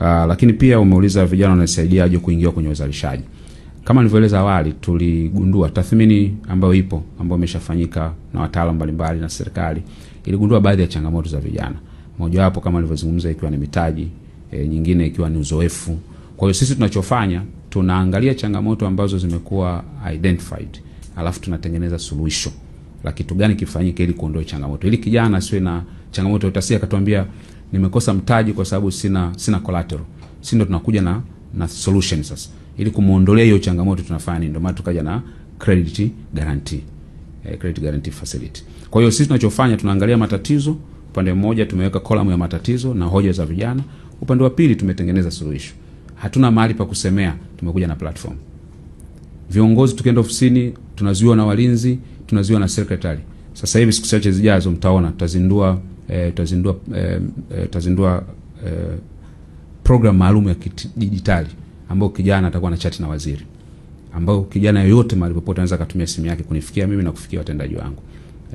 Uh, lakini pia umeuliza vijana wanasaidiaje kuingia kwenye uzalishaji. Kama nilivyoeleza awali, tuligundua tathmini ambayo ipo ambayo imeshafanyika na wataalamu mbalimbali na serikali iligundua baadhi ya changamoto za vijana, mojawapo kama nilivyozungumza, ikiwa ni mitaji e, nyingine ikiwa ni uzoefu. Kwa hiyo sisi tunachofanya tunaangalia changamoto ambazo zimekuwa identified, alafu tunatengeneza suluhisho la kitu gani kifanyike ili kuondoa changamoto, ili kijana asiwe na changamoto. Utasia akatuambia nimekosa mtaji kwa sababu sina sina collateral. Si ndo tunakuja na na solution sasa, ili kumuondolea hiyo changamoto tunafanya nini? Ndio maana tukaja na credit guarantee eh, credit guarantee facility. Kwa hiyo sisi tunachofanya tunaangalia matatizo upande mmoja, tumeweka kolamu ya matatizo na hoja za vijana, upande wa pili tumetengeneza suluhisho. Hatuna mahali pa kusemea, tumekuja na platform. Viongozi tukienda ofisini tunaziwa na walinzi, tunaziwa na secretary. Sasa hivi siku chache zijazo mtaona tutazindua Eh, tutazindua eh, eh tutazindua eh, program maalum ya kidijitali ambayo kijana atakuwa na chati na waziri, ambao kijana yoyote mahali popote anaweza akatumia simu yake kunifikia mimi na kufikia watendaji wangu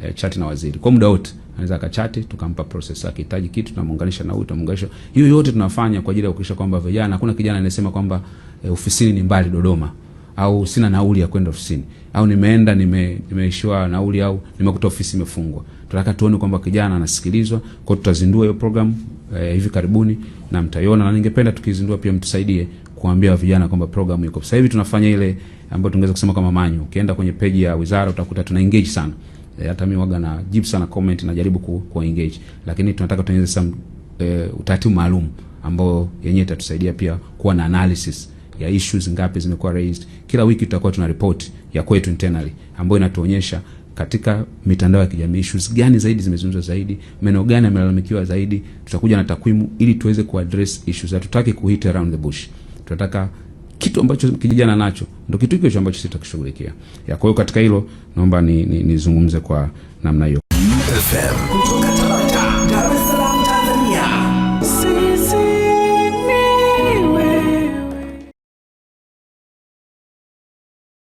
e, chat na waziri kwa muda wote anaweza akachati, tukampa process akihitaji kitu tunamuunganisha na huyu tunamuunganisha. Hiyo yote tunafanya kwa ajili ya kuhakikisha kwamba vijana, hakuna kijana anasema kwamba e, ofisini ni mbali Dodoma au sina nauli ya kwenda ofisini au nimeenda nime, nimeishiwa nauli au nimekuta ofisi imefungwa. Tunataka tuone kwamba kijana anasikilizwa. Kwa hiyo tutazindua hiyo program eh, hivi karibuni na mtaiona, na ningependa tukizindua pia mtusaidie kuambia vijana kwamba program yuko. Sasa hivi tunafanya ile ambayo tungeweza kusema kama manyu. Ukienda kwenye peji ya wizara utakuta tuna engage sana. eh, hata mimi waga na jibu sana comment na jaribu ku, ku engage, lakini tunataka tutengeneze some eh, utaratibu maalum ambao yenyewe itatusaidia pia kuwa na analysis ya issues ngapi zimekuwa raised. Kila wiki tutakuwa tuna report ya kwetu internally ambayo inatuonyesha katika mitandao ya kijamii issues gani zaidi zimezungumzwa zaidi, maneno gani yamelalamikiwa zaidi. Tutakuja na takwimu ili tuweze kuaddress issues. Hatutaki kuhit around the bush, tunataka kitu ambacho kijana nacho ndo kitu hicho ambacho sisi tutakishughulikia. Kwa hiyo katika hilo naomba nizungumze ni, ni kwa namna hiyo.